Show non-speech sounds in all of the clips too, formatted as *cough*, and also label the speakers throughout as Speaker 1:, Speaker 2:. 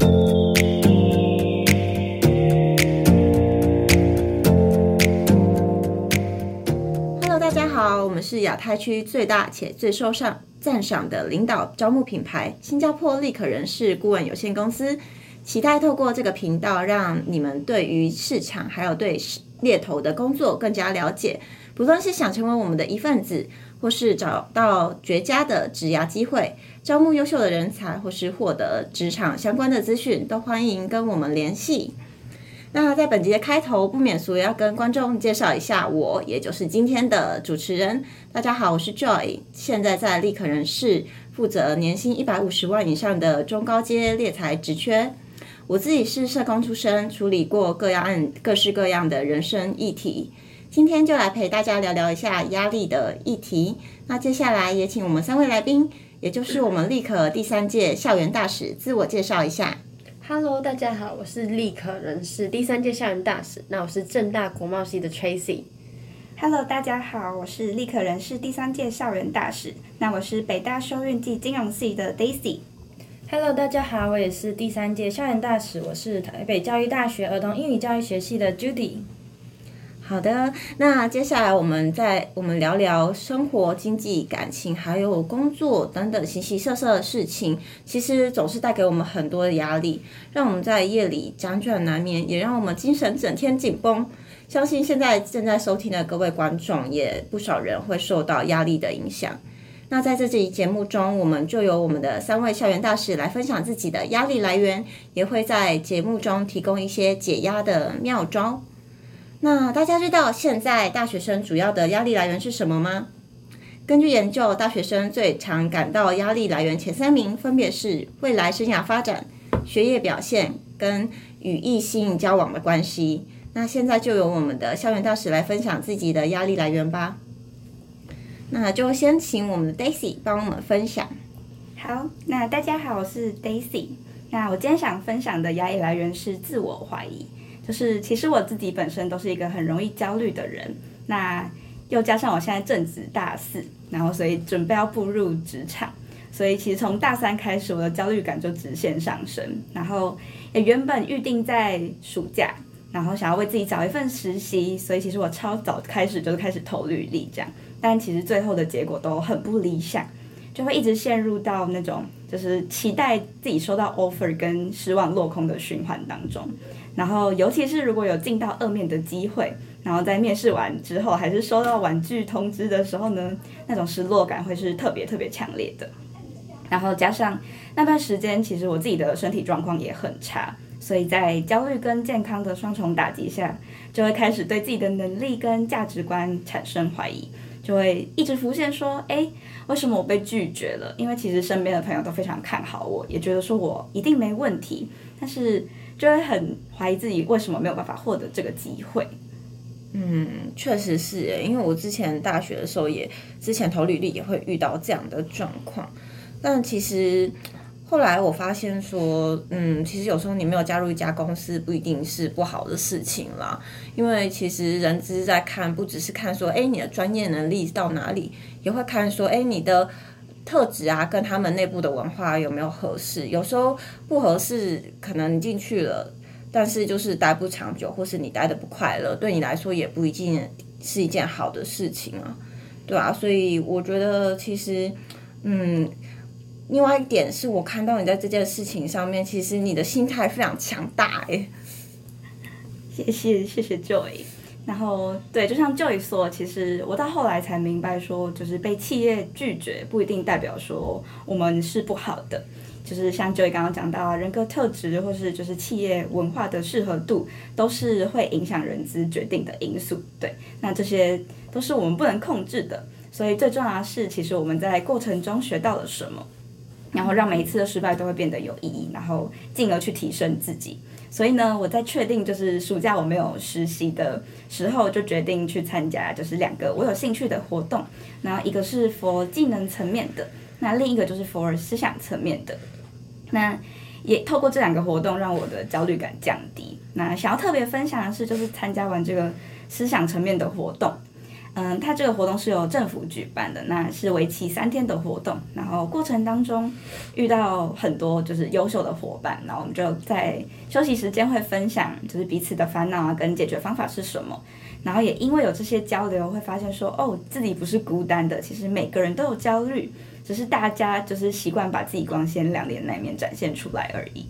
Speaker 1: Hello，大家好，我們是亞太區最大且最受上讚賞的領導招募品牌——新加坡立可人事顧問有限公司，期待透過這個頻道讓你們對於市場還有對獵頭的工作更加了解，不論是想成為我們的一份子。或是找到絕佳的職涯機會，招募優秀的人才，或是獲得職場相關的資訊，都歡迎跟我們聯繫。那在本集的開頭，不免俗要跟觀眾介紹一下我，也就是今天的主持人。大家好，我是 Joy，現在在立可人事負責年薪一百五十萬以上的中高階獵才職缺。我自己是社工出身，處理過各樣、各式各樣的人生議題。今天就來陪大家聊聊一下壓力的議題。那接下來也請我們三位來賓，也就是我們立可第三屆校園大使，自我介紹一下。
Speaker 2: Hello，大家好，我是立可人士第三屆校園大使。那我是政
Speaker 3: 大國貿系的 Tracy。Hello，大家好，我是立可人士第三屆校園大使。那我是北大休運暨金融系的 Daisy。Hello，大家好，我
Speaker 4: 也是第三屆校園大使。我是台北教育大學兒童英語教育學系的 Judy。
Speaker 1: 好的，那接下來我們再我們聊聊生活、經濟、感情，還有工作等等形形色色的事情。其實總是帶給我們很多的壓力，讓我們在夜裡輾轉難眠，也讓我們精神整天緊繃。相信現在正在收聽的各位觀眾，也不少人會受到壓力的影響。那在這集節目中，我們就由我們的三位校園大使來分享自己的壓力來源，也會在節目中提供一些解壓的妙招。那大家知道現在大學生主要的壓力來源是什麼嗎？根據研究，大學生最常感到壓力來源前三名分別是未來生涯發展、學業表現跟與異性交往的關係。那現在就由我們的校園大使來分享自己的壓力來源吧。那就先請我們的 Daisy 幫我們分享。
Speaker 3: 好，那大家好，我是 Daisy。那我今天想分享的壓力來源是自我懷疑。就是，其實我自己本身都是一個很容易焦慮的人，那又加上我現在正值大四，然後所以準備要步入職場，所以其實從大三開始，我的焦慮感就直線上升。然後也原本預定在暑假，然後想要為自己找一份實習，所以其實我超早開始就開始投履歷這樣，但其實最後的結果都很不理想。就會一直陷入到那種就是期待自己收到 offer 跟失望落空的循環當中，然後尤其是如果有進到二面的機會，然後在面試完之後還是收到婉拒通知的時候呢，那種失落感會是特別特別強烈的。然後加上那段時間，其實我自己的身體狀況也很差，所以在焦慮跟健康的雙重打擊下，就會開始對自己的能力跟價值觀產生懷疑。就會一直浮現說，哎、欸，為什麼我被拒絕了？因為其實身邊的朋友都非常看好我，也覺得說我一定沒問題，但是就會很懷疑自己為什麼沒有辦法獲得這個機會。
Speaker 1: 嗯，確實是耶，因為我之前大學的時候也之前投履歷也會遇到這樣的狀況，但其實。後來我發現說，嗯，其實有時候你沒有加入一家公司，不一定是不好的事情啦。因為其實人資在看，不只是看說，欸，你的專業能力到哪裡，也會看說，欸，你的特質啊，跟他們內部的文化有沒有合適。有時候不合適，可能你進去了，但是就是待不長久，或是你待得不快樂，對你來說也不一定是一件好的事情啊，對啊，所以我覺得，其實，嗯。另外一點是我看到你在這件事情上面，
Speaker 3: 其實你的心態非常強大哎。謝謝謝謝 Joy。然後對，就像 Joy 說，其實我到後來才明白說，說就是被企業拒絕不一定代表說我們是不好的。就是像 Joy 剛剛講到啊，人格特質或是就是企業文化的適合度，都是會影響人資決定的因素。對，那這些都是我們不能控制的。所以最重要的是，其實我們在過程中學到了什麼。然後讓每一次的失敗都會變得有意義，然後進而去提升自己。所以呢，我在確定就是暑假我沒有實習的時候，就決定去參加就是兩個我有興趣的活動。然後一個是 for 技能層面的，那另一個就是 for 思想層面的。那也透過這兩個活動，讓我的焦慮感降低。那想要特別分享的是，就是參加完這個思想層面的活動。嗯，它這個活動是由政府舉辦的，那是為期三天的活動。然後過程當中遇到很多就是優秀的夥伴，然後我們就在休息時間會分享，就是彼此的煩惱啊跟解決方法是什麼。然後也因為有這些交流，會發現說哦，自己不是孤單的，其實每個人都有焦慮，只是大家就是習慣把自己光鮮亮麗的那一面展現出來而已。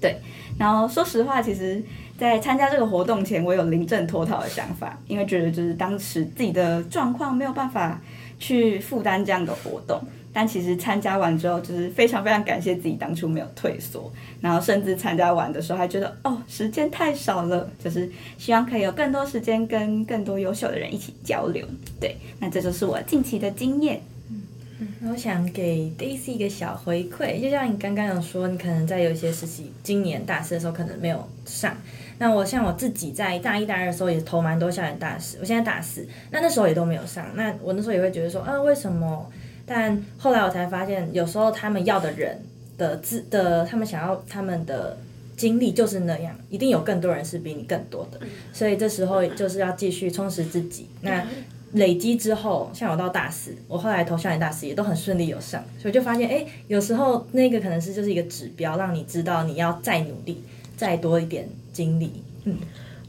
Speaker 3: 對，然後說實話，其實。在參加這個活動前，我有臨陣脫逃的想法，因為覺得就是當時自己的狀況沒有辦法去負擔這樣的活動。但其實參加完之後，就是非常非常感謝自己當初沒有退縮。然後甚至參加完的時候還覺得哦，時間太少了，就是希望可以有更多時間跟更多優秀的人一起交流。對，那這就是我近期的經驗。嗯，我想給 Daisy 一個小回饋，就像你剛剛有說，你可能
Speaker 4: 在有一些實習，今年大四的時候可能沒有上。那我像我自己在大一、大二的時候也投蠻多校園大使，我現在大四，那那時候也都沒有上。那我那時候也會覺得說，啊，為什麼？但後來我才發現，有時候他們要的人的資的，他們想要他們的經歷就是那樣，一定有更多人是比你更多的。所以這時候就是要繼續充實自己。那累積之後，像我到大四，我後來投校園大使也都很順利有上，所以就發現，哎、欸，有時候那個可能是就是一個指標，讓你知道你要再努力。再多一點精力。嗯，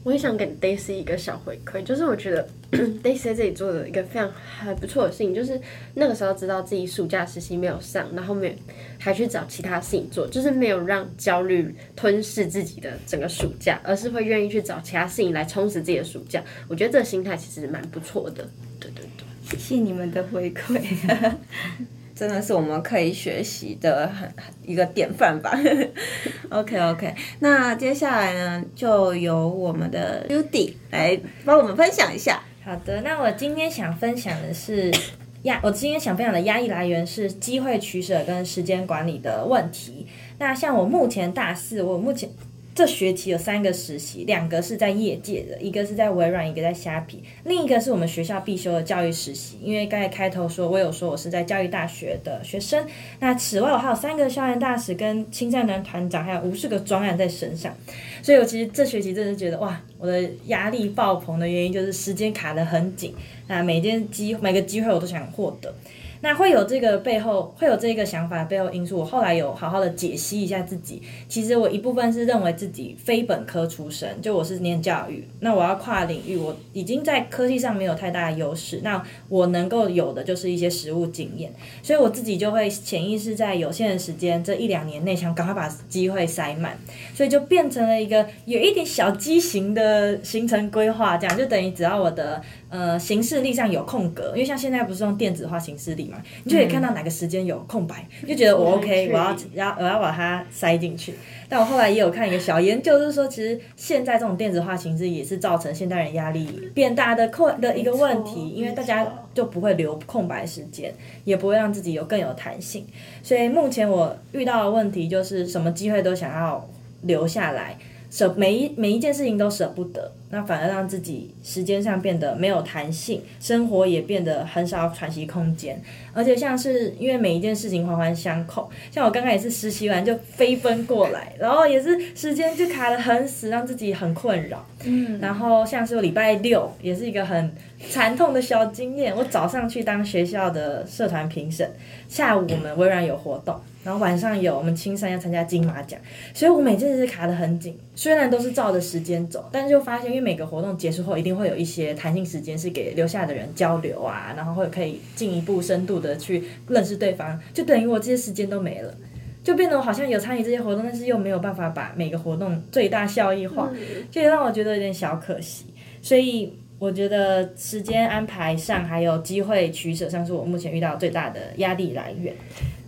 Speaker 2: 我也想給 Daisy 一個小回饋，就是我覺得、就是、Daisy 在這裡做的一個非常還不錯的事情，就是那個時候知道自己暑假實習沒有上，然後面還去找其他事情做，就是沒有讓焦慮吞噬自己的整個暑假，而是會願意去找其他事情來充實自己的暑假。我覺得這個心態其實蠻不錯的。對對對，謝謝你
Speaker 3: 們的回饋。
Speaker 1: *laughs* 真的是我們可以學習的很一個典範吧。 *laughs* OK OK，那接下來呢，就由我們的 Judy 來幫我們分享一下。好的，那我今天想分享的是壓，我今
Speaker 4: 天想分享的壓力來源是機會取捨跟時間管理的問題。那像我目前大四，我目前。這學期有三個實習，兩個是在業界的，一個是在微軟，一個在蝦皮，另一個是我們學校必修的教育實習。因為剛才開頭說，我有說我是在教育大學的學生。那此外，我還有三個校園大使、跟青少年團團長，還有無數個專案在身上。所以我其實這學期真的覺得，哇，我的壓力爆棚的原因就是時間卡得很緊。那每件機，每個機會我都想獲得。那會有這個背後，會有這個想法的背後因素，我後來有好好的解析一下自己。其實我一部分是認為自己非本科出身，就我是念教育，那我要跨領域，我已經在科技上沒有太大的優勢，那我能夠有的就是一些實務經驗，所以我自己就會潛意識在有限的時間，這一兩年內想趕快把機會塞滿，所以就變成了一個有一點小畸形的行程規劃，這樣就等於只要我的，呃，行事曆上有空格，因為像現在不是用電子化行事曆嘛，你就可以看到哪個時間有空白，嗯、就覺得我 OK，、嗯、我要要我要把它塞進去。但我後來也有看一個小研究，就是說其實現在這種電子化行事曆也是造成現代人壓力變大的困的一個問題，沒錯，因為大家就不會留空白時間，沒錯，也不會讓自己有更有彈性。所以目前我遇到的問題就是，什麼機會都想要留下來，舍每一每一件事情都捨不得。那反而讓自己時間上變得沒有彈性，生活也變得很少喘息空間。而且像是因為每一件事情環環相扣，像我剛剛也是實習完就飛奔過來，然後也是時間就卡的很死，讓自己很困擾。嗯，然後像是我禮拜六也是一個很慘痛的小經驗，我早上去當學校的社團評審，下午我們微軟有活動，然後晚上有我們青山要參加金馬獎，所以我每件事卡的很緊，雖然都是照着時間走，但是就發現。因為每個活動結束後，一定會有一些彈性時間是給留下的人交流啊，然後會可以進一步深度的去認識對方，就等於我這些時間都沒了，就變得我好像有參與這些活動，但是又沒有辦法把每個活動最大效益化，嗯、就讓我覺得有點小可惜。所以我覺得時間安排上還有機會取舍上，像是我目前遇到最大的
Speaker 2: 壓力來源。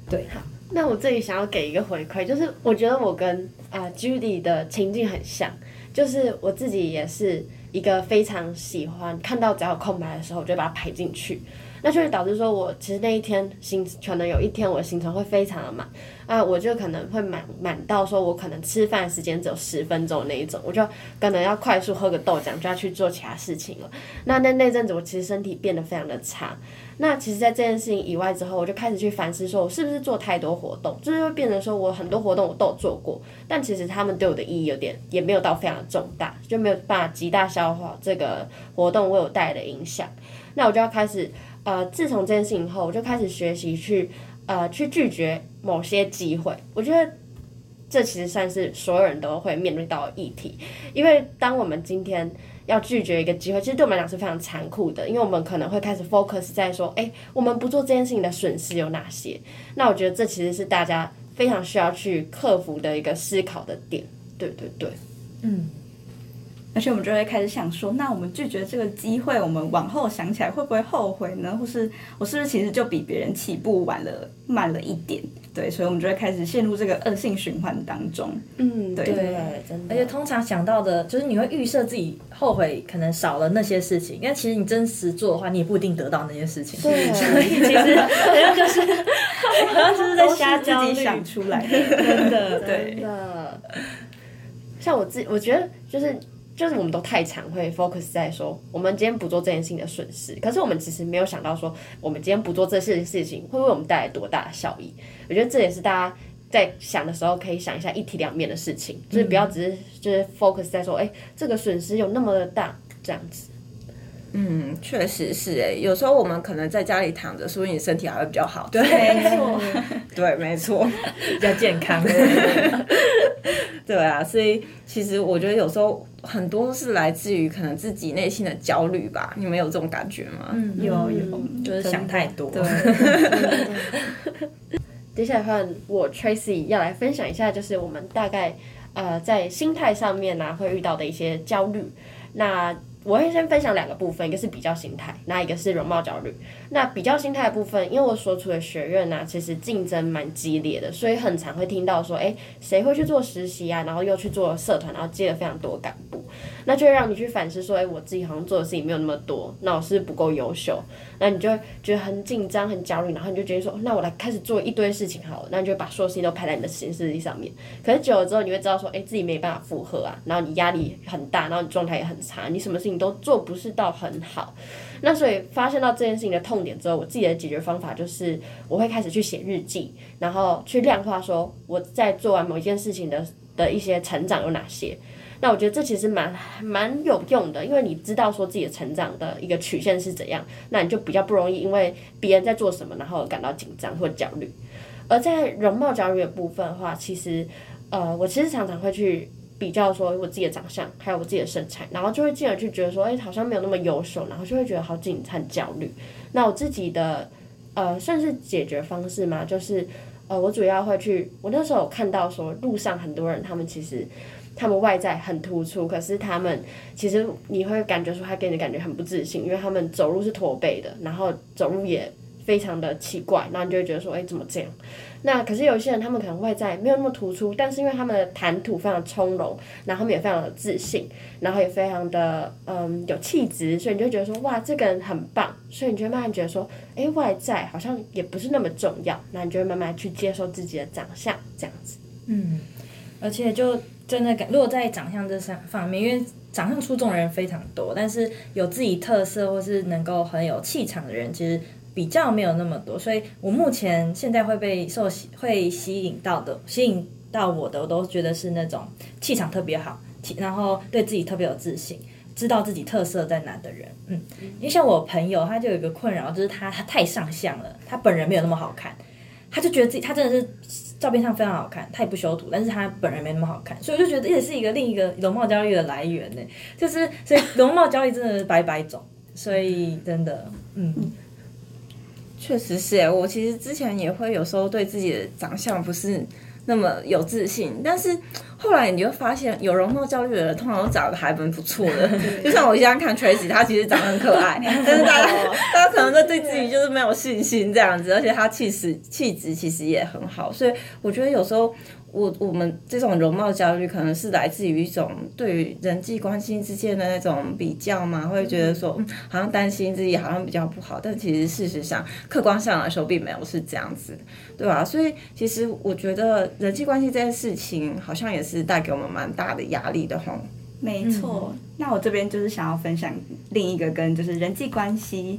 Speaker 4: 對，好，
Speaker 2: 那我這裡想要給一個回饋，就是我覺得我跟啊、呃、Judy 的情境很像。就是我自己也是一個非常喜歡看到只要有空白的時候，我就把它排進去。那就會導致說，我其實那一天行，可能有一天我的行程會非常的滿，啊，我就可能會滿滿到說，我可能吃飯時間只有十分鐘那一種，我就可能要快速喝個豆漿，就要去做其他事情了。那那那陣子，我其實身體變得非常的差。那其實在這件事情以外之後，我就開始去反思，說我是不是做太多活動，就是會變成說我很多活動我都有做過，但其實他們對我的意義有點，也沒有到非常的重大，就沒有辦法極大消化這個活動為我帶來的影響。那我就要開始。呃，自從這件事情後，我就開始學習去呃去拒絕某些機會。我覺得這其實算是所有人都會面對到的議題，因為當我們今天要拒絕一個機會，其實對我們來講是非常殘酷的，因為我們可能會開始 focus 在說，哎、欸，我們不做這件事情的損失有哪些？那我覺得這其實是大家非常需要去克服的一
Speaker 3: 個思考的點，對對對，嗯。而且我們就會開始想說，那我們拒絕這個機會，我們往後想起來會不會後悔呢？或是我是不是其實就比別人起步晚了，慢了一點？對，所以我們就會開始陷入這個惡性循環當中。嗯，對，對，
Speaker 4: 真的。而且通常想到的就是你會預設自己後悔，可能少了那些事情，因為其實你真實做的話，你也不一定得到那些事情。所以對其實好像就是好像 *laughs* 就是在瞎自己想出來的 *laughs* 真的對
Speaker 2: 的。對像我自己，我覺得就是。就是我們都太常會 focus 在說，我們今天不做這件事情的損失。可是我們其實沒有想到說，我們今天不做這些事情，會為我們帶來多大的效益。我覺得這也是大家在想的時候，可以想一下一體兩面的事情，就是不要只是就是 focus 在說，哎、嗯欸，這個損失有那麼大這樣子。嗯，
Speaker 1: 確實是哎、欸。有時候我們可能在家裡躺着，所以你身體還會比較好。對，錯對，沒錯，對，沒錯，比較健康。 *laughs* 對啊，所以其實我覺得有時候很多都是來自於可能自己內心的焦慮吧。你們有這種感覺嗎？嗯，有有，有就是想太多。對。
Speaker 2: 對對對 *laughs* 接下來換我 Tracy 要來分享一下，就是我們大概呃在心態上面呢、啊、會遇到的一些焦慮。那。我會先分享兩個部分，一個是比較心態，那一個是容貌焦慮。那比較心態的部分，因為我所處的學院呢、啊，其實競爭蠻激烈的，所以很常會聽到說，哎、欸，誰會去做實習啊？然後又去做社團，然後接了非常多幹部，那就會讓你去反思說，哎、欸，我自己好像做的事情沒有那麼多，那我是不是不夠優秀？那你就會覺得很緊張、很焦慮，然後你就決定說，那我來開始做一堆事情好了，那你就把所有事情都排在你的行事曆上面。可是久了之後，你會知道說，哎、欸，自己沒辦法負荷啊，然後你壓力很大，然後你狀態也很差，你什麼事情。你都做不是到很好，那所以發現到這件事情的痛點之後，我自己的解決方法就是我會開始去寫日記，然後去量化說我在做完某一件事情的的一些成長有哪些。那我覺得這其實蠻蠻有用的，因為你知道說自己的成長的一個曲線是怎樣，那你就比較不容易因為別人在做什麼然後感到緊張或焦慮。而在容貌焦慮的部分的話，其實呃，我其實常常會去。比較說我自己的長相，還有我自己的身材，然後就會進而去覺得說，哎、欸，好像沒有那麼優秀，然後就會覺得好緊張、很焦慮。那我自己的，呃，算是解決方式嘛，就是，呃，我主要會去，我那時候看到說路上很多人，他們其實他們外在很突出，可是他們其實你會感覺說他給你的感覺很不自信，因為他們走路是駝背的，然後走路也非常的奇怪，然後你就會覺得說，哎、欸，怎麼這樣？那可是有些人，他們可能外在沒有那麽突出，但是因為他們的談吐非常從容，然後他們也非常的自信，然後也非常的嗯有氣質，所以你就覺得說，哇，這個人很棒！所以你就會慢慢覺得說，哎，外在好像也不是那麽重要，那你就會慢慢去接受自己的長相這樣子。
Speaker 4: 嗯，而且就真的感，如果在長相這上方面，因為長相出眾的人非常多，但是有自己特色或是能夠很有氣場的人，其實。比較沒有那麼多，所以我目前現在會被受吸，會吸引到的，吸引到我的，我都覺得是那種氣場特別好，然後對自己特別有自信，知道自己特色在哪的人，嗯，嗯因為像我朋友，他就有一個困擾，就是他他太上相了，他本人沒有那麼好看，他就覺得自己他真的是照片上非常好看，他也不修圖，但是他本人沒那麼好看，所以我就覺得這也是一個另一個容貌焦慮的來源呢、欸，就是所以容貌焦
Speaker 1: 慮真的是百百種，所以真的，嗯。確實是哎，我其實之前也會有時候對自己的長相不是那麼有自信，但是後來你就發現，有容貌焦慮的人通常都長得還蠻不錯的。 *laughs* 對就像我現在看 Tracy，他其實長得很可愛， *laughs* 但是大家大家可能都對自己就是沒有信心這樣子， *laughs* 對而且他氣勢氣質其實也很好，所以我覺得有時候。我我們這種容貌焦慮，可能是來自於一種對於人際關係之間的那種比較嘛，會覺得說，嗯，好像擔心自己好像比較不好，但其實事實上客觀上來說並沒有是這樣子，對吧？啊？所以其實我覺得人際關係這件事情，好像也是帶給我們
Speaker 3: 蠻大的壓力的哈。沒錯，那我這邊就是想要分享另一個跟就是人際關係。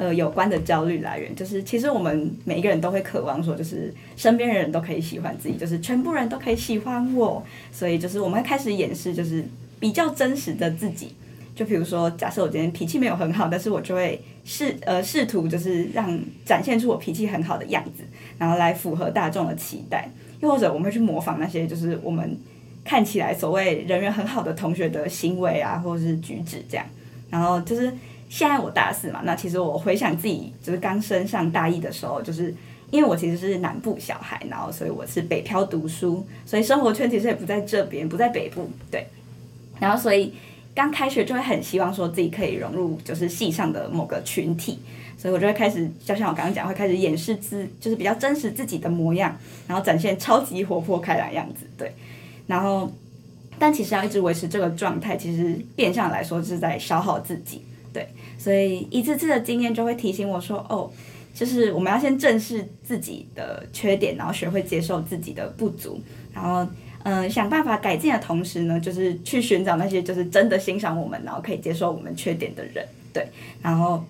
Speaker 3: 呃，有關的焦慮來源就是，其實我們每一個人都會渴望說，就是身邊的人都可以喜歡自己，就是全部人都可以喜歡我。所以，就是我們會開始掩飾，就是比較真實的自己。就比如說，假設我今天脾氣沒有很好，但是我就會試呃試圖就是讓展現出我脾氣很好的樣子，然後來符合大眾的期待。又或者，我們會去模仿那些就是我們看起來所謂人緣很好的同學的行為啊，或者是舉止這樣。然後就是。現在我大四嘛，那其實我回想自己就是剛升上大一的時候，就是因為我其實是南部小孩，然後所以我是北漂讀書，所以生活圈其實也不在這邊，不在北部，對。然後所以剛開學就會很希望說自己可以融入就是系上的某個群體，所以我就會開始就像我剛剛講，會開始掩飾自，就是比較真實自己的模樣，然後展現超級活潑開朗樣子，對。然後但其實要一直維持這個狀態，其實變相來說就是在消耗自己。對，所以一次次的經驗就會提醒我說，哦，就是我們要先正視自己的缺點，然後學會接受自己的不足，然後，嗯、呃，想辦法改進的同時呢，就是去尋找那些就是真的欣賞我們，然後可以接受我們缺點的人。對，然後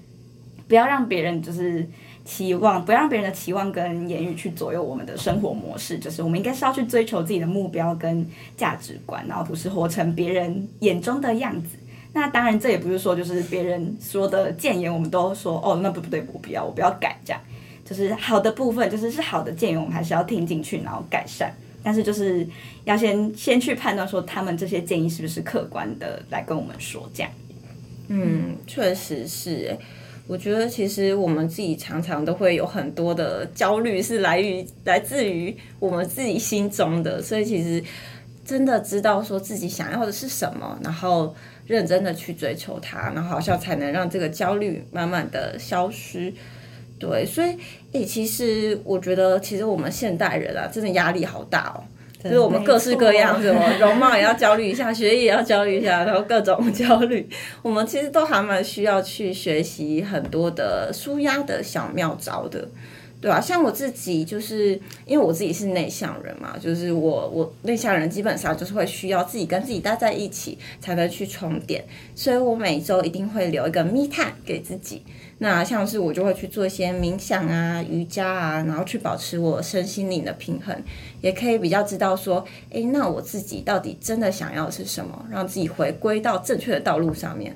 Speaker 3: 不要讓別人就是期望，不要讓別人的期望跟言語去左右我們的生活模式。就是我們應該是要去追求自己的目標跟價值觀，然後不是活成別人眼中的樣子。那當然，這也不是說就是別人說的建言，我們都說哦，那不不對，我不要，我不要改，這樣就是好的部分，就是是好的建言，我們還是要聽進去，然後改善。但是就是要先先去判斷說他們這些建議是不是客觀的來跟我們說，這樣。
Speaker 1: 嗯，確實是。我覺得其實我們自己常常都會有很多的焦慮，是來於來自於我們自己心中的，所以其實。真的知道說自己想要的是什麼，然後認真的去追求它，然後好像才能讓這個焦慮慢慢的消失。對，所以誒、欸，其實我覺得，其實我們現代人啊，真的壓力好大哦，就是我們各式各樣，什麼沒錯、啊、容貌也要焦慮一下， *laughs* 學業也要焦慮一下，然後各種焦慮，我們其實都還蠻需要去學習很多的舒壓的小妙招的。對啊，像我自己就是因為我自己是內向人嘛，就是我我內向人基本上就是會需要自己跟自己待在一起才能去充電，所以我每周一定會留一個 me time 給自己。那像是我就會去做一些冥想啊、瑜伽啊，然後去保持我身心靈的平衡，也可以比較知道說，誒，那我自己到底真的想要的是什麼，讓自己回歸到正確的道路上面。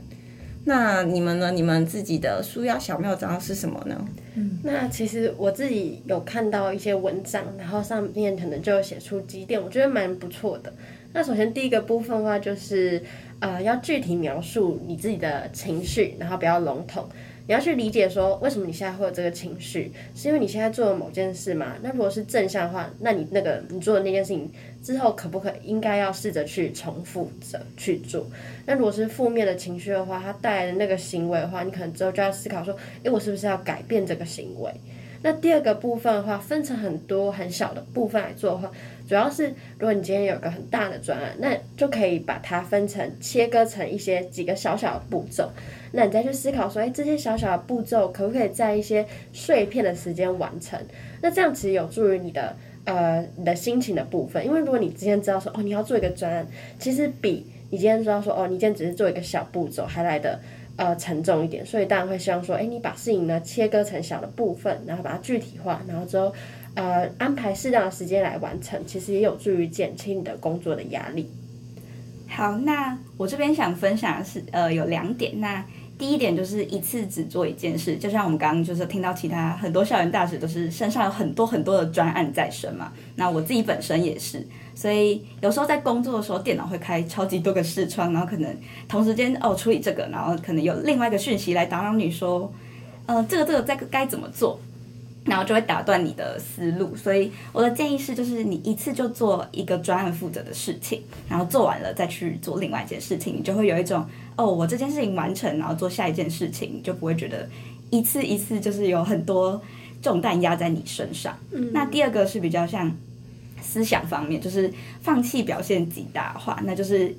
Speaker 1: 那你們呢？你們自己的舒壓小妙招是什麼呢？
Speaker 2: *noise* 那其實我自己有看到一些文章，然後上面可能就寫出幾點，我覺得蠻不錯的。那首先第一個部分的話，就是呃，要具體描述你自己的情緒，然後不要籠統。你要去理解說，為什麼你現在會有這個情緒，是因為你現在做了某件事嘛。那如果是正向的話，那你那個你做的那件事情之後，可不可以應該要試着去重複着去做？那如果是負面的情緒的話，它帶來的那個行為的話，你可能之後就要思考說，誒，我是不是要改變這個行為？那第二個部分的話，分成很多很小的部分來做的話，主要是如果你今天有一個很大的專案，那就可以把它分成切割成一些幾個小小的步驟，那你再去思考說，欸，這些小小的步驟可不可以在一些碎片的時間完成？那這樣其實有助於你的呃你的心情的部分，因為如果你今天知道說哦你要做一個專案，其實比你今天知道說哦你今天只是做一個小步驟還來的。呃，沉重一點，所以當然會希望說，誒，你把事情呢切割成小的部分，然後把它具體化，然後之後，呃，安排適當的時間來完成，其實也有助於減輕你的
Speaker 3: 工作的壓力。好，那我這邊想分享的是，呃，有兩點，那。第一點就是一次只做一件事，就像我們剛剛就是聽到其他很多校園大使都是身上有很多很多的專案在身嘛，那我自己本身也是，所以有時候在工作的時候，電腦會開超級多個視窗，然後可能同時間哦處理這個，然後可能有另外一個訊息來打擾你，說，嗯、呃，這個這個在該怎麼做？然後就會打斷你的思路，所以我的建議是，就是你一次就做一個專案負責的事情，然後做完了再去做另外一件事情，你就會有一種哦，我這件事情完成，然後做下一件事情，就不會覺得一次一次就是有很多重擔壓在你身上。嗯、那第二個是比較像思想方面，就是放棄表現極大化，那就是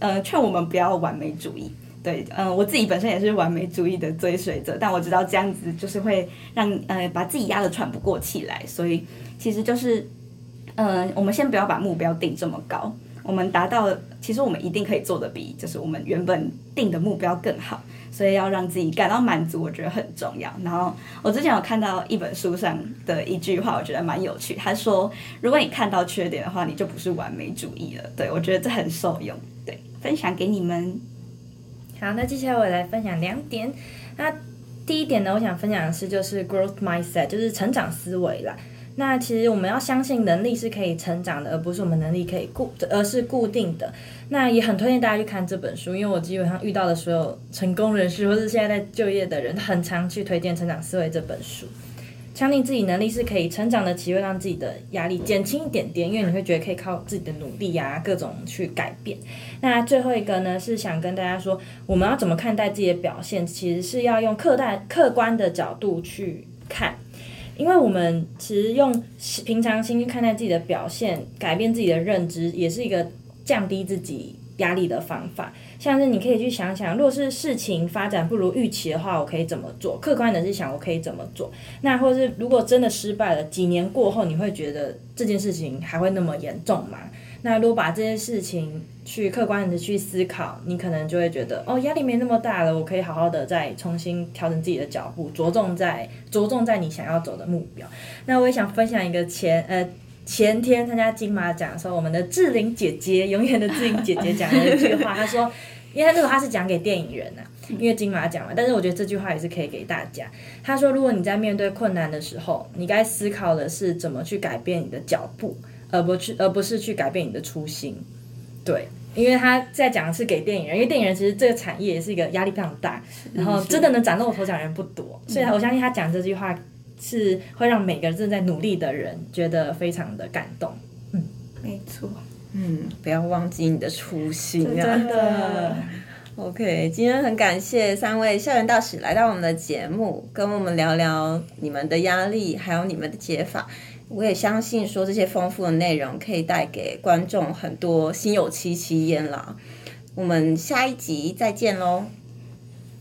Speaker 3: 呃，勸我們不要完美主義。對，嗯，我自己本身也是完美主義的追隨者，但我知道這樣子就是會讓，呃，把自己壓得喘不過氣來，所以其實就是，嗯、呃，我們先不要把目標定這麼高，我們達到，其實我們一定可以做得比，就是我們原本定的目標更好，所以要讓自己感到滿足，我覺得很重要。然後我之前有看到一本書上的一句話，我覺得蠻有趣，他說，如果你看到缺點的話，你就不是完美主義了。對，我覺得這很受用，對，分享給你們。好，那接下來我
Speaker 4: 來分享兩點。那第一點呢，我想分享的是就是 growth mindset，就是成長思維啦。那其實我們要相信能力是可以成長的，而不是我們能力可以固，而是固定的。那也很推薦大家去看這本書，因為我基本上遇到的所有成功人士，或是現在在就業的人，很常去推薦《成長思維》這本書。相信自己能力是可以成長的會，其實讓自己的壓力減輕一點點，因為你會覺得可以靠自己的努力呀、啊，各種去改變。那最後一個呢，是想跟大家說，我們要怎麼看待自己的表現，其實是要用客帶客觀的角度去看，因為我們其實用平常心去看待自己的表現，改變自己的認知，也是一個降低自己壓力的方法。像是你可以去想想，如果是事情發展不如預期的話，我可以怎麼做？客觀的是想我可以怎麼做？那或是如果真的失敗了，幾年過後你會覺得這件事情還會那麼嚴重嗎？那如果把這些事情去客觀的去思考，你可能就會覺得哦，壓力沒那麼大了，我可以好好的再重新調整自己的腳步，着重在着重在你想要走的目標。那我也想分享一個前呃。前天參加金馬獎的時候，我們的志玲姐姐，永遠的志玲姐姐講了一句話， *laughs* 她說：“因為這個她是講給電影人啊，因為金馬獎嘛。但是我覺得這句話也是可以給大家。她說，如果你在面對困難的時候，你該思考的是怎麼去改變你的腳步，而不去而不是去改變你的初心。對，因為她在講的是給電影人，因為電影人其實這個產業也是一個壓力非常大，然後真的能嶄露頭角人不多。所以我相信她講這句話。”是會讓每個正在努力的人覺得非常的感動，嗯，沒
Speaker 1: 錯，嗯，不要忘記你的初心啊，真的。OK，今天很感謝三位校園大使來到我們的節目，跟我們聊聊你們的壓力，還有你們的解法。我也相信說這些豐富的內容可以帶給觀眾很多心有戚戚焉了。我們下一集再見嘍，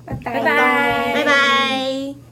Speaker 1: 拜拜拜拜。Bye bye bye bye